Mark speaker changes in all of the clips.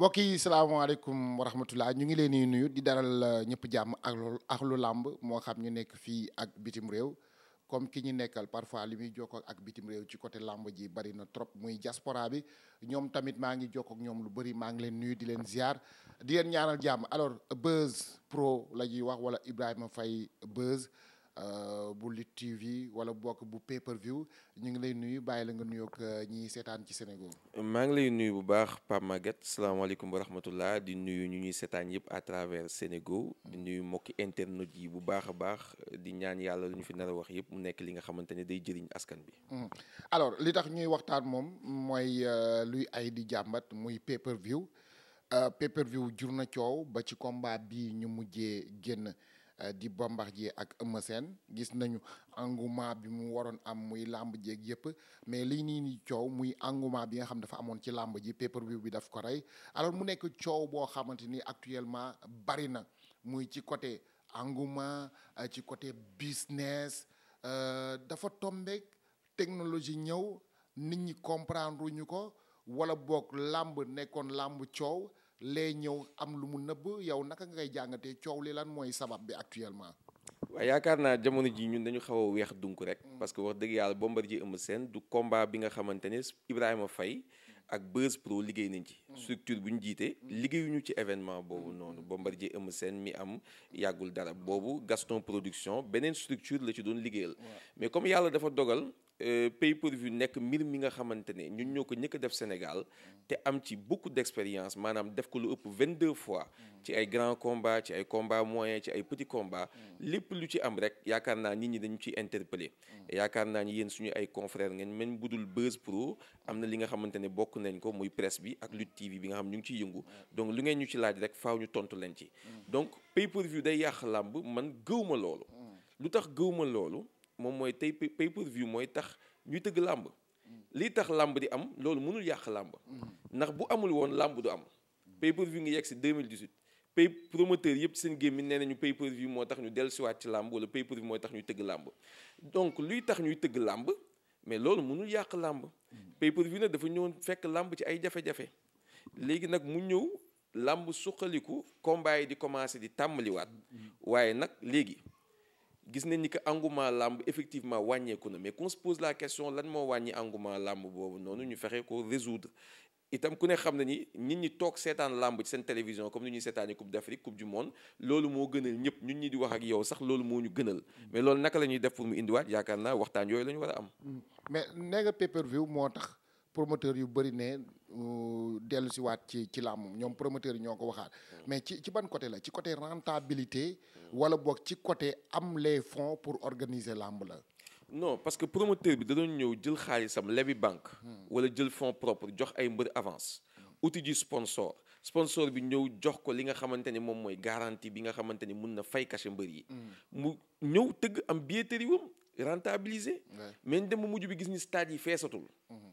Speaker 1: mbokk yi salaamaaleykum wa ñu ngi leen di nuyu di daral euh, ñëpp jàmm ak lu ak lu làmb moo xam ñu nekk fii ak bitim réew comme ki ñu nekkal parfois li muy jokkoo ak bitim réew ci côté làmb ji bari na trop muy jaspora bi ñoom tamit maa ngi jokkoo ñoom lu bëri maa ngi leen nuyu di leen ziar di leen ñaanal jàmm alors Buzz Pro la ñuy wax wala Ibrahima fay Buzz. Euh, bu Lit TV wala bokk bu pay per ñu ngi lay nuyu bàyyi la nga nuyoog euh, ñiy seetaan ci Sénégal.
Speaker 2: maa ngi lay nuyu bu baax Pape Maguette salaamaaleykum wa rahmatullah di nuyu ñu ñuy seetaan yëpp à travers Sénégal di nuyu mbokki internet yi bu baax a baax di ñaan yàlla lu ñu fi nar a wax yëpp mu nekk li nga xamante ne day jëriñ askan bi.
Speaker 1: Hmm. alors li tax ñuy waxtaan moom mooy euh, luy ay di jàmbat muy pay per view pay per jur na coow ba ci combat bii ñu mujjee génn. Euh, di ji ak Eumeu Sène gis nañu engouement bi mu waroon am muy làmb jeeg yëpp mais lii nii ni coow muy engouement bi nga xam dafa amoon ci làmb ji pay per bi daf ko rey alors mu nekk coow boo xamante ni actuellement bari na muy ci côté engouement euh, ci côté business euh, dafa tombeek technologie ñëw nit ñi comprendre ñu ko wala boog làmb nekkoon làmb coow lee ñëw am lu mu nëbb yow naka ngay jàngatee coow li lan mooy sabab bi actuellement.
Speaker 2: waaw yaakaar naa jamono ji ñun dañu xaw a weex dunk rek. parce que wax dëgg yàlla Bombardier Eumeu seen du combat bi nga xamante ne Ibrahima Faye ak Buzz Pro liggéey nañ ci. Mm. structure bu ñu jiite. Mm. liggéeyuñu ci événement boobu noonu mm. Bombardier Eumeu seen mi am yàggul dara boobu Gaston Production beneen structure la ci doon liggéeyal. mais comme yàlla dafa dogal Euh, pay per view nekk mbir mi nga xamante ne ñun ñoo ko ñëkk a def Sénégal te am ci beaucoup d'expérience maanaam def ko lu ëpp deux fois ci ay grands combats ci ay combats moyens ci ay petits combats lépp lu ci am rek yaakaar naa nit ñi dañu ciy interpellé yaakaar naa ni yéen suñu ay confrères ngeen même budul Buzz Pro am na li nga xamante ne bokk nañ ko muy presse bi ak Lutte TV bi nga xam ñu ngi ciy yëngu donc lu ngeen ñu ci laaj rek faw ñu tontu leen ci donc pay per day yàq làmb man gëwma loolu mm. lu tax gëwma loolu moom mooy tey pay per view mooy tax ñuy tëgg làmb lii tax làmb di am loolu mënul yàq làmb ndax bu amul woon làmb du am pay per view ngi yegg si 2018 pay promoteur yëpp seen gémmiñ nee nañu pay per view moo tax ñu dellusiwaat ci làmb wala pay per view mooy tax ñuy tëgg làmb donc luy tax ñuy tëgg làmb mais loolu mënul yàq làmb pay per view nag dafa ñëwoon fekk làmb ci ay jafe-jafe léegi nag mu ñëw làmb suqaliku combat di commencé di tàmbaliwaat waaye nag léegi gis nañ ni que engouement làmb effectivement wàññeeku na mais qu'on se pose la question lan moo wàññi engouement làmb boobu noonu ñu fexe ko résoudre itam ku ne xam na ni ñi ñi toog seetaan làmb ci seen télévision comme ni ñu seetaani coupe d'Afrique coupe du monde loolu moo gënal ñëpp ñun ñi di wax ak yow sax loolu moo ñu gënal mais loolu naka la ñuy def pour mu indiwaat yaakaar naa waxtaan yooyu la war
Speaker 1: a am. mais nee nga pay-per-view moo tax promoteur yu bëri ne euh, dellu si ci ci làmb ñoom promoteur yi ñoo ko waxaat. mais ci ci ban côté la ci côté rentabilité. wala boog ci côté am les fonds pour organiser làmb la. non parce que
Speaker 2: promoteur bi da ñëw jël xaalisam lebi banque. wala jël fonds propre jox ay mbër avance. outil ji sponsor sponsor bi ñëw jox ko li nga xamante ni moom mooy garantie bi nga xamante ni mun na fay cachet mbër yi. mu ñëw tëgg am billetterie wam rentabiliser. mais dem mu mujj bi gis ni stade yi feesatul. Mhm.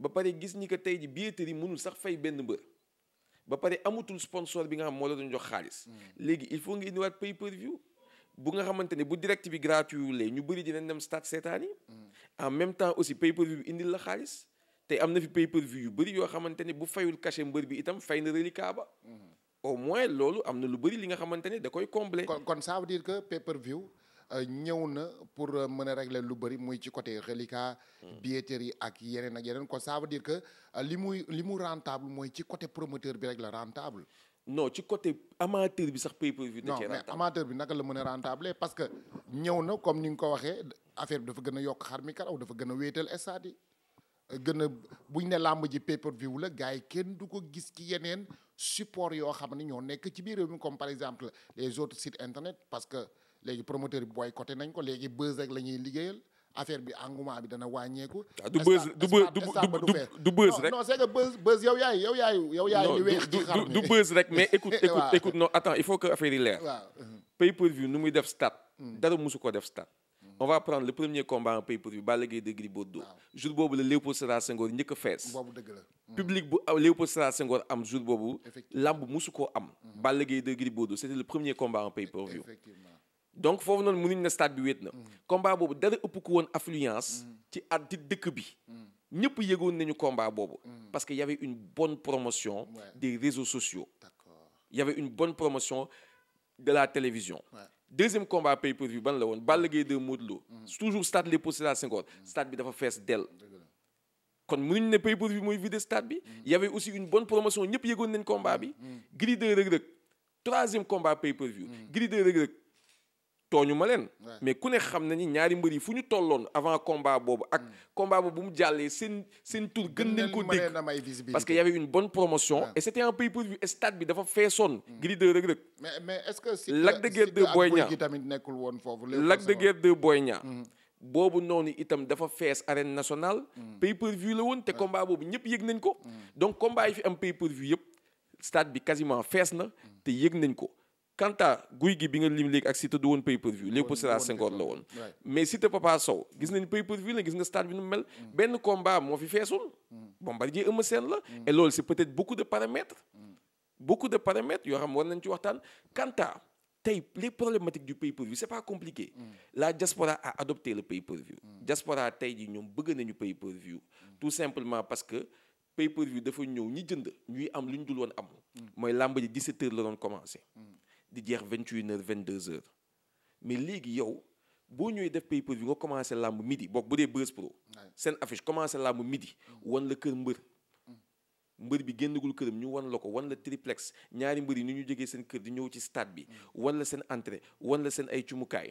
Speaker 2: ba pare gis ni que tey ji billetterie mënul sax fay benn mbër. ba pare amatul sponsor bi nga xam moo la dañu jox xaalis. léegi il faut nga indiwaat pay per view. bu nga xamante ne bu direct bi gratuit lay ñu bëri dina dem stade seetaan yi. Mm. en même temps aussi pay per view bi indil la xaalis. te am na fi pay per yu bëri yoo xamante ne bu fayul
Speaker 1: cachet mbër bi itam fay na reliquat ba. Mm. au moins loolu am na lu bëri li nga xamante ne da koy combler. kon kon ça veut dire que pay per view. Euh, ñëw na pour euh, mën a régler lu bëri muy ci côté reliquat yi hmm. ak yeneen ak yeneen kon ça veut dire que euh, li muy li mu rentable mooy ci côté promoteur bi rek la rentable non ci côté amateur bi sax pay per view non mais amateur bi naka la mën a rentable parce que ñëw na comme ni nga ko waxee affaire dafa gën a yokk xar mi karaw dafa gën a wéetal stade yi gën a buñ ne làmb ji pay per view la gars yi kenn du ko gis ci yeneen support yoo xam ne ñoo nekk ci biir réew mi comme par exemple les autres sites internet parce que léegi promoteur bi boycotté nañ ko léegi buzz rek la ñuy liggéeyal affaire bi engouement bi dana wàññeeku. Ah, du buzz du du du buzz rek. non non c'est que buzz buzz yow yaay yow yaay yow yaay. li weex ci
Speaker 2: xam du buzz rek mais écoute écoute écoute non attends il faut que affaire yi leer. waaw pay per view nu muy def stade. Mm. dara mosu ko def stade. Mm. on va prendre le premier combat en pay-per-view Balla Gaye de Gris Bordeaux jour boobu la Léopold Sédar Senghor njëkk a fees boobu
Speaker 1: dëgg la mm. public
Speaker 2: bu ah, Léopold Sédar Senghor am jour boobu lamb musu koo am Balla Gaye de Gris Bordeaux c'était le premier combat en pay-per-view effectivement donc foofu noonu mënuñ na stade bi wéet na. Mm. combat boobu dara ëpp ko woon affluence. Mm. ci at ci dëkk bi. Mm. ñëpp yëgoon nañu combat boobu. parce que y avait une bonne promotion. des réseaux sociaux. d'accord y avait une bonne promotion de la télévision. deuxième combat pay-per-view ban la woon Balla Gaye 2 Modou Lô. toujours stade Léopold bi dafa fees dell. kon mënuñ ne pay-per-view mooy vider stade bi. y avait aussi une bonne promotion ñëpp yëgoon nañ combat bi. Gris 2 Reug Reug troisième combat pay-per-view. Gris 2 Reug tooñu ma leen. mais ku ne xam na ni ñaari mbër yi fu ñu tolloon avant combat boobu ak. Mm. combat bu mu jàllee seen
Speaker 1: seen tur gën leen ko dégg parce
Speaker 2: que y avait une bonne promotion. et c' était un pay-per-view stade bi dafa feesoon. Mm. Gris 2 Reug Reug.
Speaker 1: mais mais ce que si Lac de Guiers 2 tamit nekkul woon foofu. Lac de Guiers
Speaker 2: 2 Boy mm. boobu noonu itam dafa fees arène nationale. pay-per-view la woon te combat boobu ñëpp yëg nañ ko. donc combat yi fi am pay-per-view yëpp stade bi quasiment fees na te yëg nañ ko. quant guy gi bi nga lim léegi ak Siteu du woon pay per view léegi la woon mais Siteu Papa Sow gis nañ pay per view la gis nga stade bi nu mel mm. benn combat moo fi feesul mm. Bombardier Eumeu Sène la mm. e lool c'est peut-être beaucoup de paramètres beaucoup de paramètres yoo xam war nañ ci waxtaan quant à tey les problématiques du pay-per-view c'est pas compliqué la diaspora a adopté le pay per tey ji ñoom bëgg nañu pay-per-view mm. tout simplement parce que pay-per-view dafa ñëw ñi jënd ñuy am lu ñu dul am mooy làmb ji la doon commencé di jeex vingt une heures vingt deux heures mais léegi yow boo ñëwee def pay per view nga commencé làmb midi boog bu dee Buzz Pro seen affiche commencé làmb midi wan la kër mbër mm. mbër bi génnagul këram ñu wan la ko wan la triplex ñaari mbër yi ni ñu jógee seen kër di ñëw ci stade bi mm. wan la seen entrée wan la seen ay cumukaay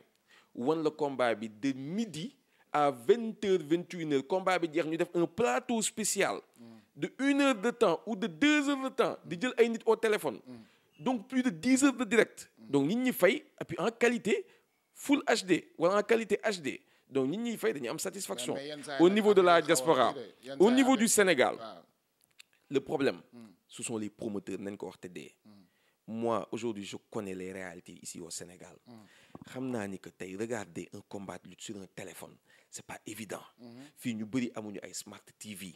Speaker 2: wan la combat bi de midi à vingt heures vingt une heures combat bi jeex ñu def un plateau spécial mm. de une heure de temps ou de deux heures de temps di jël ay nit au téléphone donc plus de dix heures de direct donc nit ñi fay et puis en qualité full HD wala en qualité HD donc nit ñi fay dañuy am satisfaction au niveau de la diaspora au niveau du Sénégal ah. le problème hmm. ce sont les promoteurs nañ ko wax te dee hmm. moi aujourd'hui je connais les réalités ici au Sénégal hmm. xam naa ni que tey regarder un combat lutte sur un téléphone c'est pas évident fii ñu bëri amuñu ay smart TV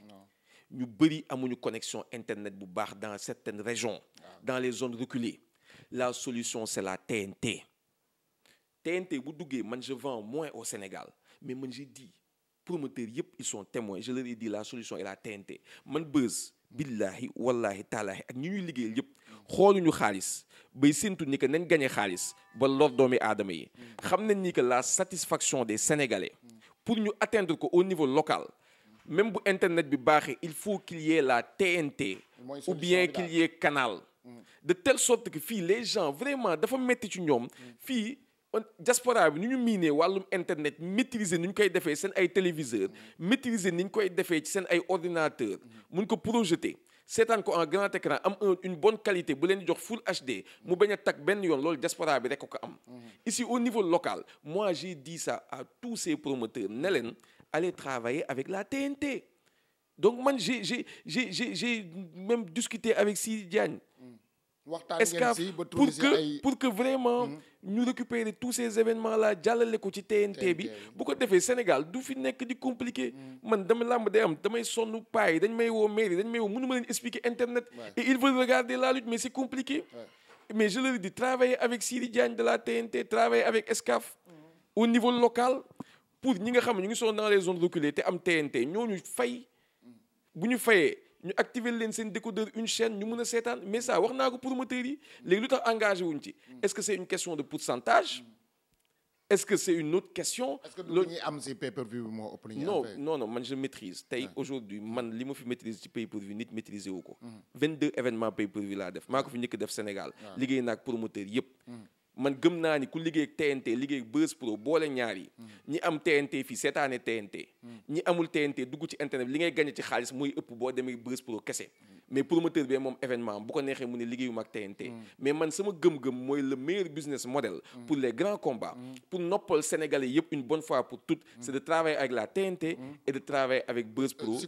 Speaker 2: ñu bëri amuñu connexion internet bu baax dans certaines régions ah. dans les zones reculées la solution c'est la TNT TNT bu duggee man je vends moins au Sénégal mais man j'ai dit promoteurs yëpp ils sont témoins je leur ai la solution est la TNT man bës billahi wallahi taalahi ak ñi ñuy liggéeyal yëpp ñu xaalis bay séntu ni que nañ gañe xaalis ba lor doomi aadama yi mm. xam nañ ni que la satisfaction des Sénégalais mm. pour ñu atteindre ko au niveau local même bu internet bi baaxee il faut qu'il y ait la TNT ou bien qu'il y canal mm. de telle sorte que fii les gens vraiment dafa métti ci ñoom mm. fii diaspora bi ni ñu miinee wàllum internet maîtriser ni ñu koy defee seen ay téléviseur mm. maîtriser ni ñu koy defee ci seen ay ordinateur mun ko projeter seetaan ko en grand écran am une bonne qualité bu leen jox full HD mu bañ a tag benn yoon loolu diaspora bi rek ko am ici au niveau local mois j'ai dit ça à tous ces promoteurs ne leen aller travailler avec la TNT. Donc, moi, j'ai même discuté avec Sidi Diagne.
Speaker 1: Mm. Est-ce que pour que,
Speaker 2: pour que vraiment nous mm-hmm. récupérions tous ces événements la j'allais ko ci TNT bi bu ko défé Sénégal du fi nekk di compliqué mm. man dama lamb day am damay sonu pay dañ may wo mairie dañ may wo mënuma len expliquer internet et ils veulent regarder la lutte mais c'est compliqué mais je leur dis travailler avec Sidi Diagne de la TNT travailler avec Escaf mm. au niveau local pour ñi nga xam ni ngi sont dans les zones reculées te am TNT ñooñu fay bu ñu fayee ñu activer leen seen décodeur une chaîne ñu mën a seetaan mais ça wax naa ko promoteurs yi léegi lu tax engagé wu ci est-ce que c'est une question de
Speaker 1: pourcentage est-ce que c'est une autre question. est-ce que du ñuy am ci pay ñu
Speaker 2: non man je tey aujourd'hui man li ma fi maitrise ci pay-per-view nit maîtriser wu ko. 22 mm. événements pay-per-view laa def maa ko fi njëkk def Sénégal. liggéey naag promoteurs yëpp. Mm. man gëm naa ni ku liggéey ak TNT liggéey ak Buzz Pro boole ñaar yi. ñi am TNT fii seetaane TNT. ñi amul TNT dugg ci internet li ngay gagné ci xaalis mooy ëpp boo demee Buzz Pro kese. mais promoteur bi moom événement bu ko neexee mu ne liggéeyuma ak TNT. mais man sama gëm-gëm mooy le meilleur business model. pour les grands combats. pour noppal sénégalais yëpp une bonne fois pour toutes. c' de travailler avec la TNT. et de travailler avec Buzz Pro. si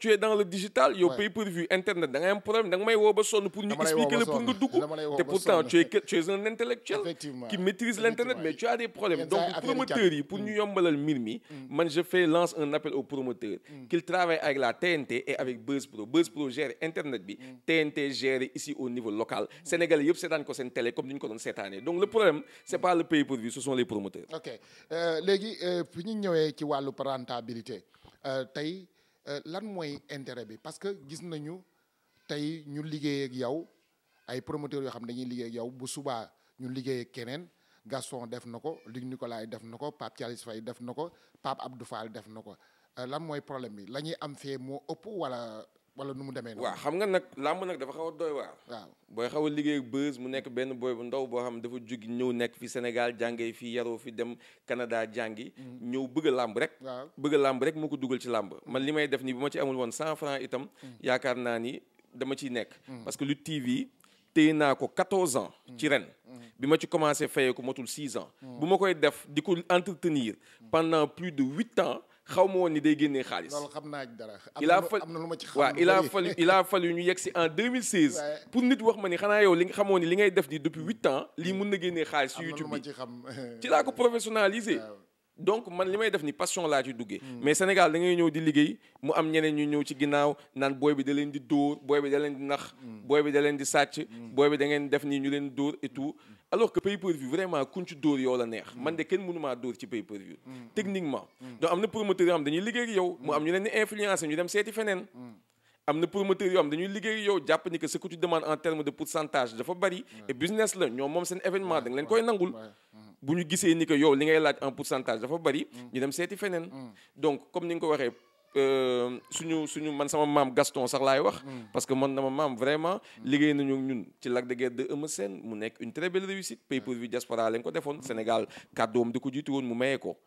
Speaker 2: c' dans le digital yow pay per view internet da ngay problème da may woo ba pour ñu expliquer la pour nga
Speaker 1: dugg te pourtant tu es
Speaker 2: tu intellectuel qui maîtrise l'internet mais tu as des problèmes donc promoteurs yi pour ñu mm. yombalal mbir mm. man je fais lance un appel aux promoteurs mm. qu'ils travaillent avec la TNT et avec Buzz Pro Buzz Pro gère internet bi TNT gère ici au niveau local Sénégalais yëpp seetaan ko seen télé comme ni ñu ko doon seetaanee donc le problème c'est
Speaker 1: Euh, lan mooy intérêt bi parce que gis nañu tey ñu liggéey ak yow ay promoteurs yoo xam dañuy liggéey ak yow bu subaa ñu liggéey keneen Gaston def na ko Luc Nicolaï def na ko Pape Thialis Faye def na ko Pape Abdou Fall def na ko euh, lan mooy problème bi lañuy am fee moo ëpp wala wala nu mu demee waaw xam
Speaker 2: nga nag làmb nag dafa
Speaker 1: xaw a doy waa waaw
Speaker 2: booy xaw a liggéey bës mu nekk benn booy bu ndaw boo xam dafa jógi ñëw nekk fi Sénégal jàngee fi yaroo fi dem Canada jàngi mhm. ñëw bëgg làmb rek waaw bëgg a rek moo ko dugal ci làmb man li may def nii bu ma ci amul woon cent franc itam mhm. yaakaar naa ni dama ciy nekk mhm. parce que lu TV tey naa ko 14 ans ci ren bi ma ci commencé fayee ko motul 6 ans bu ma koy def di ko entretenir pendant plus de huit ans xaw ma woon ni day génnee xaalis. loolu
Speaker 1: xam naa dara. il a fallu am
Speaker 2: na a fallu il ñu yegg si en 2016. pour nit wax ma ni xanaa yow li nga xamoon ni li ngay def nii depuis huit ans lii mun na génnee xaalis si YouTube bi ci laa ko professionnalisé. donc man li may def ni passion laa ci duggee. Hmm. mais Sénégal da ngay ñëw di liggéey mu am ñeneen ñu ñëw ci ginnaaw naan booy bi da leen di dóor booy bi da leen di nax. Hmm. booy bi da leen di sàcc. Hmm. booy bi da ngeen def nii ñu leen dóor et alors que pay-per-view vraiment kuñ ci dóor yow la neex mm. man de kenn mënu maa dóor ci pay-per-view mm. Mm. techniquement donc am na promoteur liggéey ak yow mu am ñu leen di influencer ñu na promoteur yoo dañuy liggéey yow jàpp ni que ce que tu demandes en terme de pourcentage dafa bari business la ñoom moom seen événement da nga leen koy nangul bu ñu gisee ni que yow li ngay laaj en pourcentage dafa bari ñu dem seeti feneen donc comme ni nga ko waxee Euh, suñu suñu man sama maam Gaston sax laay wax. Hmm. parce que na ma maam vraiment. liggéey nañu ñun ci Lac de Guiers 2 Eumeu Sène mu nekk une très belle réussite pay-per-view hmm. diaspora lañ ko defoon hmm. Sénégal kàddoom di ko jiitu woon mu maye ko.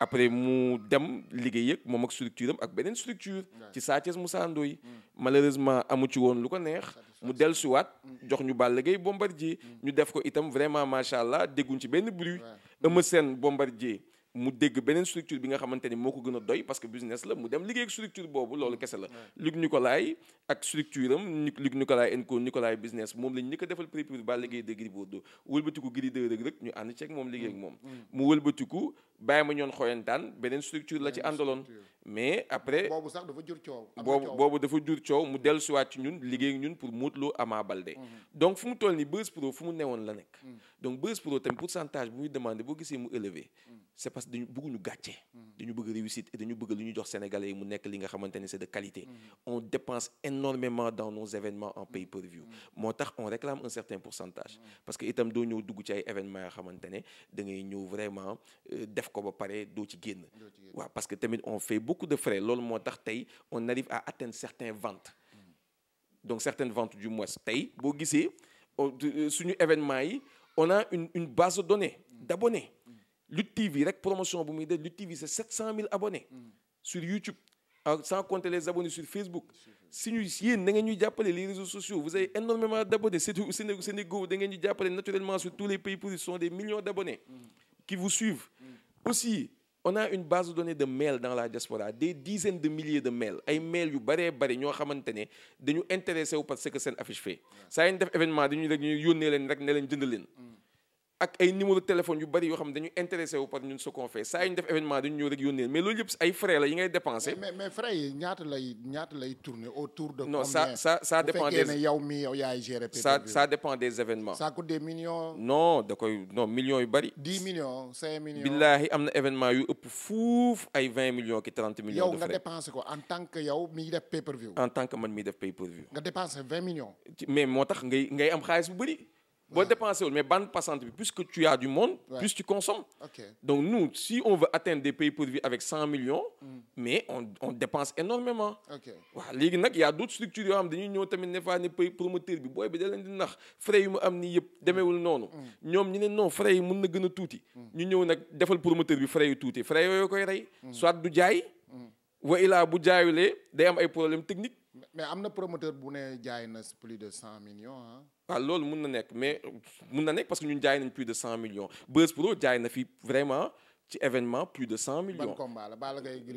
Speaker 2: après mu dem liggéey yëg moom ak structure am ak beneen structure. ci Sa Thiès Moussa Ndoye malheureusement amu ci woon lu ko neex. mu dellu siwaat jox ñu Balla Gaye Bombardier ñu def ko itam vraiment macha allah dégguñ ci benn bruit Eumeu Sène Bombardier mu dégg beneen structure bi nga xamante ni moo ko gën a doy parce que business la mu dem liggéey ak structure boobu loolu kese la. Luc Nicolaï ak structure am Luc Nicolaï and co business moom lañ ñu ko defal prix prix ba liggéey de Gris Bordeaux wëlbatiku Gris de ñu ànd ceeg moom liggéey ak moom. mu wëlbatiku bàyyi ma ñoon xoyantaan beneen structure la ci àndaloon mais après boobu
Speaker 1: sax dafa jur coow boobu boobu
Speaker 2: dafa ci ñun liggéey ñun pour Modou Lo Ama Baldé mhm. donc fu mu toll nii Buzz fu mu newoon la nekk mhm. donc Buzz Pro tamit pourcentage bu muy demandé boo gisee mu élevé mhm. c'est parce que dañu bëgg réussite et dañu bëgg lu ñu jox sénégalais yi mu nekk li nga xamante ne c'est de qualité on dépense énormément dans nos événements en pay-per-view moo tax on réclame que itam doo ñëw dugg ci ay def ko ba pare doo ci génn waaw parce que tamit on fait beaucoup de frais loolu moo tax tey on arrive à atteindre certaines ventes mm. donc certaines ventes du mois tey boo gisee euh, suñu événement yi on a une base de données mm. d'abonnés mm. Lutte TV rek promotion bu muy def Lutte TV c'est 700 sur YouTube ah, sans compter les abonnés sur Facebook si ñu yéen da ngeen ñuy jàppale les réseaux sociaux vous avez énormément d'abonnés surtout Sénégal da ngeen ñu jàppale naturellement aussi on a une base de données de mail dans la diaspora des dizaines de milliers de mails ay mails yu bëree bëri ñoo xamante ne dañu intéressé wu parce que seen affiche fait saa yéen def événement dañuy rek ñu yónnee leen rek ne leen jënd leen mm. ak ay numéro téléphone yu bari yoo xam ne dañu intéressé wu par ñun ce qu'on fait saa ñu def événement dañu ñëw rek yónnee mais mais
Speaker 1: lay ñaata lay tourner autour de. non ça ça ça dépend des bu fekkee
Speaker 2: des événements. ça
Speaker 1: des millions.
Speaker 2: non da koy non millions yu bari. 10 millions am na événement yu ëpp
Speaker 1: fuuf
Speaker 2: ay 20 millions ki 30 millions. de
Speaker 1: ko en tant que yow miy def pay per view.
Speaker 2: en tant que man miy def pay per view. moo tax ngay ngay am xaalis bu bari. boo dépensé wul mais bande passante bi plus que tu as du monde. plus tu consommes. donc nous si on veut atteindre des pays pourvus avec cent millions. Mm. mais on on dépense énormément waaw léegi nag yaa a d'autres yoo xam dañuy ñëw tamit ne faa ne pays promoteur bi booy bi da leen di nax frais yu mu am nii yëpp demeewul noonu. Mm. Mm. ñoom ñu ne non frais yi mën na gën a tuuti. Mm. ñu ñëw nag defal promoteur bi frais yu tuuti frais yooyu koy rey. soit du jaay. wa ilaa bu jaayulee day am ay problèmes techniques.
Speaker 1: mais am na promoteur bu ne jaay na plus de cent millions
Speaker 2: waaw ah, loolu mun na nekk mais mun na nekk parce que ñun jaay nañ plus de cent millions Beuz Pro jaay na fi vraiment ci événement plus de millions.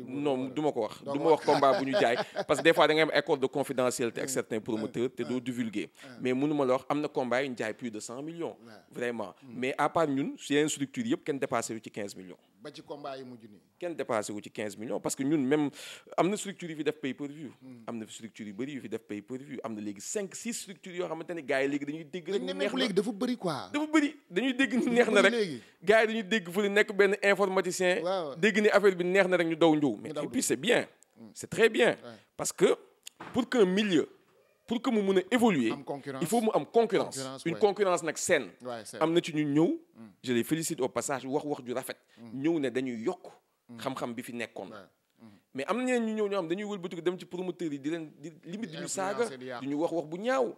Speaker 1: non du ma ko wax. du ma wax combat bu ñu jaay parce que des
Speaker 2: fois da ngay am accord de confidentialité ak mm. certains promoteurs te mm. doo divulguer mm. mais mënu ma la wax am na combat yu ñu jaay plus de cent millions. vraiment mais à part ñun yeneen structures yëpp kenn dépassé wu ci millions.
Speaker 1: ba ci combat yi mujj
Speaker 2: kenn dépassé wu ci 15 parce que ñun même am na structure yu fi def pay per view. Hmm. am na structure yu bëri yu fi def pay per view am na léegi 5 6 structures yoo xamante ne gars yi léegi dañuy dégg. rek neex na léegi dafa bëri quoi. ni neex na rek gars dañuy dégg fu nekk benn informaticien. dégg ni affaire bi neex na rek ñu daw njëw. mais et puis c'est bien. Hmm. c'est très bien. parce que pour qu'un milieu. pour que mu mun a évoluer il faut mu am concurrence une concurrence nag saine am na ci ñu ñëw mm. je les félicite au passage wax wax ju rafet mm. ñëw ne dañuy yokk mm. xam-xam bi fi nekkoon mais am na ñu ñëw ñoo xam dañuy wëlbatiku dem ci promoteur yi di leen di limite di ñu saaga di ñu wax wax bu ñaaw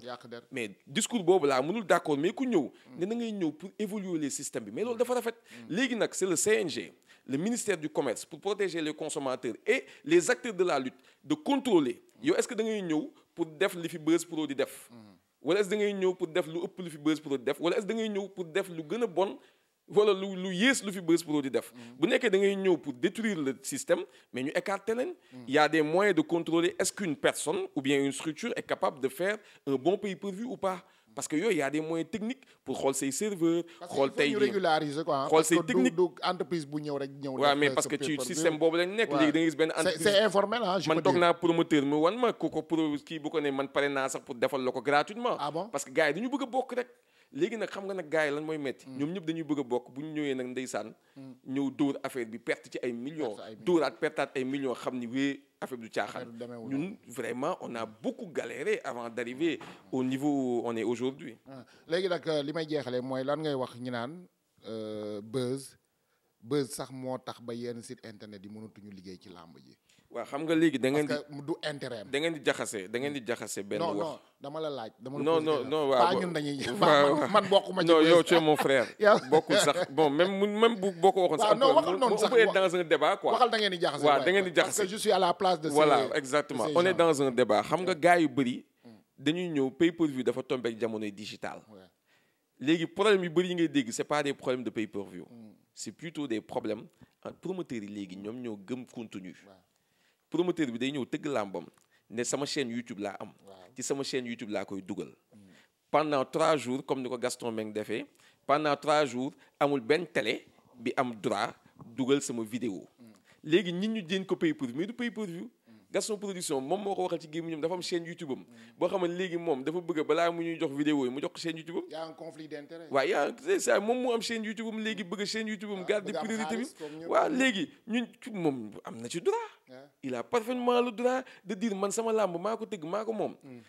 Speaker 2: mais discours boobu laa mënul d'accord mais ku ñëw ne na ngay ñëw pour évoluer les systèmes bi mais loolu dafa rafet léegi nag c'est le CNG le ministère du commerce pour protéger les consommateurs et les acteurs de de contrôler yow est-ce que da pour def li fi Buzz Pro di def. Mm-hmm. wala est-ce da ngay ñëw pour def lu ëpp lu fi Buzz Pro di def wala est-ce da ngay ñëw pour def lu gën a bon wala lu lu yées lu fi Buzz Pro di def. Mm-hmm. bu nekkee da ngay ñëw pour détruire le système mais ñu écarter leen. Mm-hmm. il y a des moyens de contrôler est-ce qu'une personne ou bien une structure est capable de faire un bon pay per ou pas. parce que yooyu y a des moyens techniques pour xool say serveur xool tey
Speaker 1: régulariser quoi xool say technique du entreprise bu ñëw rek ñëw mais parce que ci système boobu lañ nekk léegi da gis benn entreprise man toog naa
Speaker 2: promoteur mi wan ma ku ko pro kii bu ko ne man pare naa sax pour defal la ko gratuitement ah parce que gars dañu bëgg a bokk rek léegi nag xam nga nag gars yi mooy metti hmm. ñoom ñëpp dañuy bëgg a bokk bu ñu ñëwee nag ndeysaan hmm. ñëw dóor affaire bi perte ci ay millions affaire du caaxaan ñun vraiment on a beaucoup galéré avant d'arriver ah. au niveau où on est aujourd'hui
Speaker 1: ah. léegi nag euh, li may jeexale mooy lan ngay wax ñu naan euh, buzz buzz sax moo tax ba yenn site internet yi mënatuñu liggéey ci làmb ji waaw xam nga léegi da ngeen di du intérêt da ngeen di jaxase da ngeen di jaxase benn wax non dama la laaj dama la non non non waaw ñun dañuy man bokkuma ci non yow tu es mon frère
Speaker 2: bokkul sax bon même même bu boo ko waxoon sax non waxal noonu sax on est dans un débat quoi waxal
Speaker 1: da ngeen di jaxase waaw da ngeen di jaxase parce que je suis à la place de voilà exactement on est
Speaker 2: dans un débat xam nga gars yu bëri hmm. dañuy ñëw pay per view dafa tombé ak jamonoy digital léegi problème yu bëri yi ngay dégg c'est pas des problèmes de pay per view hmm. c'est plutôt des problèmes en promoteurs yi léegi ñoom ñoo gëm contenu promoteur bi day ñëw tëgg laam làmbam ne sama chaîne YouTube laa am. ci sama chaîne YouTube laa koy dugal. pendant trois jour comme ni ko Gaston Mbengue defee pendant trois jour amul benn tele bi am droit dugal sama vidéo mm. léegi nit ñu déen ko pay-per-view mais du pay-per-view Gaston production moom moo ko waxal ci gémmiñam dafa am chaîne YouTube am boo xam léegi moom dafa bëgg balaa mu ñuy jox vidéo yi mu jox ko YouTube am.
Speaker 1: y a un conflit d'intérêt. waaw y a c'est
Speaker 2: ça moom mu am chaîne YouTube am léegi bëgg chaîne YouTube am. Ah, garde priorité bi waaw léegi ñun moom am na ci droit. il a parfaitement le droit de dire man sama làmb maa ko tëgg maa ko moom. Hmm.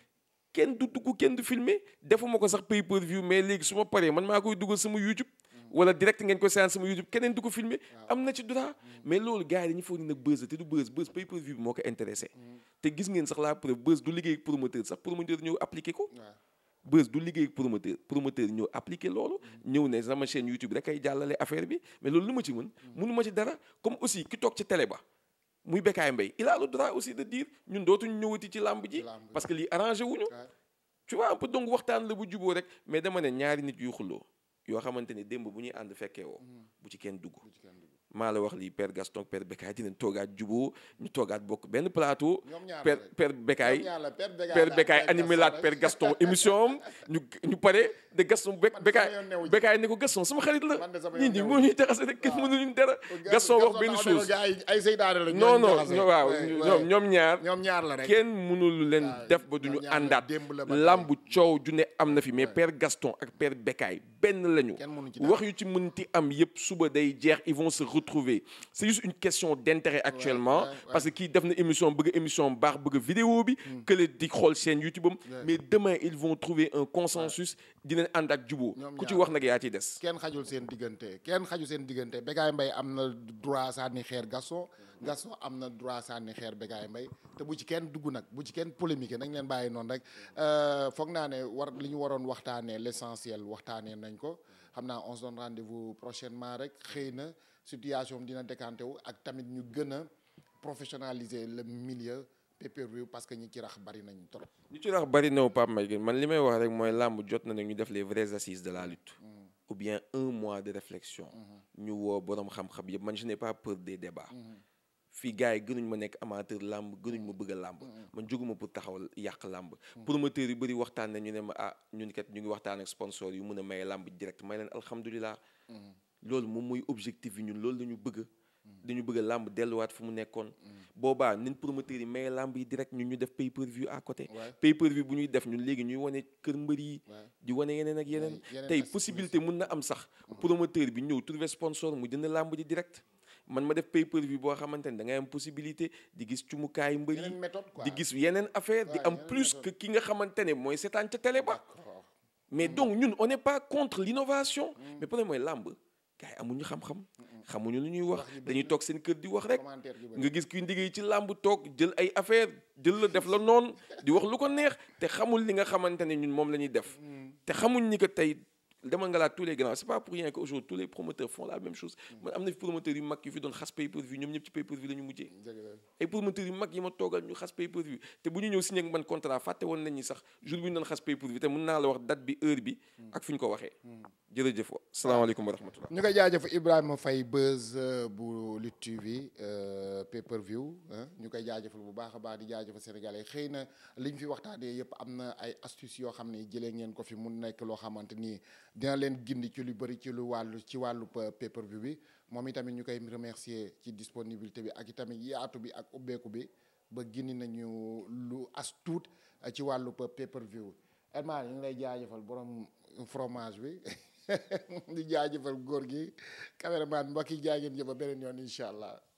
Speaker 2: kenn du duggu kenn du filmer defuma ko sax pay per view mais léegi su ma paree man maa koy dugal sama YouTube. wala direct ngeen ko séance sama YouTube keneen du ko filmer am na ci droit mm. mais loolu gars yi dañu foog nag buzz te du buzz buzz pay per bi moo ko intéressé mm. te gis ngeen sax la preuve buzz du liggéey promoteur sax promoteur ñëw appliqué ko buzz du liggéey promoteur promoteur ñëw appliqué loolu mm. ñëw ne sama chaîne YouTube rek ay jàllale affaire bi mais loolu lu ma ci mën mënu ma ci dara comme aussi ki toog ci télé ba muy Bécaye Mbaye il a le droit aussi de dire ñun dootuñu ñëwati ci làmb ji parce que lii arrangé wuñu tu vois un peu donc bu juboo rek mais dama ne ñaari nit yu xuloo yoo xamante ni démb bu ñuy ànd fekkee woo. Mm-hmm. bu ci kenn dugg. bu ci kenn dugg maa la wax lii per Gaston père Bécaye dinañ toogaat juboo ñu toogaat bokk benn plateau. père père Bécaye
Speaker 1: père Bécaye animé laat père
Speaker 2: Gaston émission am ñu ñu pare de Gaston Bécaye Bécaye ne ko Gaston sama xarit la ñii ñi moo ñuy jaxase rek ah. mënuñu dara Gaston wax benn chose
Speaker 1: non non waaw ñoom ñoom ñaar kenn
Speaker 2: mënul leen def ba du duñu àndaat làmb coow ju ne am na fi mais père Gaston ak père Bécaye benn lañu wax yu ci ti am yëpp suba day jeex ils vont se toujours trouver c'est juste une question d'intérêt actuellement parce que kii def na émission bëgg émission baax bëgg vidéo bi hmm. que di xool seen YouTube am mais demain ils vont trouver un consensus dinañ ànd ak juboo ku ci wax nag yaa ci
Speaker 1: des kenn xajul seen diggante kenn xajul seen diggante Bécaye mbay am na droit sànni xeer gaso hmm. Gaston am na droit sànni xeer Bécaye mbay te bu ci kenn dugg nag bu ci kenn polémique nañ leen bàyyi noonu rek euh, foog naa ne war li ñu waroon waxtaanee l'essentiel waxtaanee nañ ko xam naa on se donne rek xëy na situation dina décanté wu ak tamit ñu gën a professionnaliser le milieu pay-per-view parce que ñi ci rax bari nañu trop.
Speaker 2: ñi ci rax bari na Pape Mbaye man li may wax rek mooy làmb jot na ne ñu def les vraies assises de la lutte. Mm. ou bien un mois de réflexion. Mm-hmm. ñu woo borom xam-xam yëpp man je n'ai pas peur des débats. Mm-hmm. fii gars yi gënuñ ma nekk amateur làmb gënuñ ma bëgg a làmb mm-hmm. man jóguma pour taxaw yàq làmb ma promoteur yu bëri waxtaan na ñu ne ma ah ñun kat ñu ngi waxtaan ak sponsor yu mën a may làmb direct may leen alhamdulilah loolu moom mooy objectif bi ñun loolu la ñu bëgg dañu bëgg làmb delluwaat fu mu nekkoon boobaa nañ promoteur yi mais làmb yi direct ñun ñu def pay à côté pay per view bu ñuy def ñun léegi ñuy wane kër mbër yi di wane yeneen ak yeneen tey possibilité mun na am sax promoteur bi ñëw trouver sponsor mu jënd làmb ji direct man ma def pay per boo xamante ne da am possibilité di gis cumukaay mbër yi di gis yeneen affaire di am plus ki nga xamante ne mooy seetaan ca télé ba mm. donc ñun on n'est pas contre l'innovation mm. mais problème mooy làmb amuñu xam-xam. xamuñu lu ñuy wax dañuy toog seen kër di wax rek. nga gis kuy ndigee ci làmb toog jël ay affaire jël la def la noonu di wax lu ko neex te xamul li nga xamante ne ñun moom la ñuy def. Mm. te xamuñ ni ko tey demal nga laa tous les grands c'est pas pour rien que aujourd'hui tous les promoteurs font la même chose man mm. am na fi promoteurs yu mag yu fi doon xas pay per view ñoom ñëpp ci pay per view la ñu mujjee ay promoteurs yu mag yi ma toogal ñu xas pay per view te bu ñëw man contrat fàtte woon nañ sax jour bi ñu doon xas pay te mën naa la wax date bi heure bi mm. ak fi ñu ko waxee mm. jërëjëf wa salaamaaleykum wa rahmatullah ñu
Speaker 1: koy jaajëf Ibrahima Faye Buzz euh, bu Lutte TV euh, pay ñu koy jaajëfal bu baax a baax di jaajëfal sénégalais xëy na liñ fi waxtaanee yëpp am na ay astuces yoo xam ne jëlee ngeen ko fi mun nekk loo xamante nii dina leen gindi ci lu bëri ci lu wàllu ci wàllu euh, pay per bi moom itamit ñu koy remercier ci disponibilité bi ak itamit yaatu bi ak ubbeeku bi ba gindi nañu lu as euh, ci wàllu euh, pay-per-view Edma ñu ngi lay jaajëfal borom fromage bi di jaajëfal góor gi caméraman mbokk yi jaay ngeen jëf ba beneen yoon incha allah.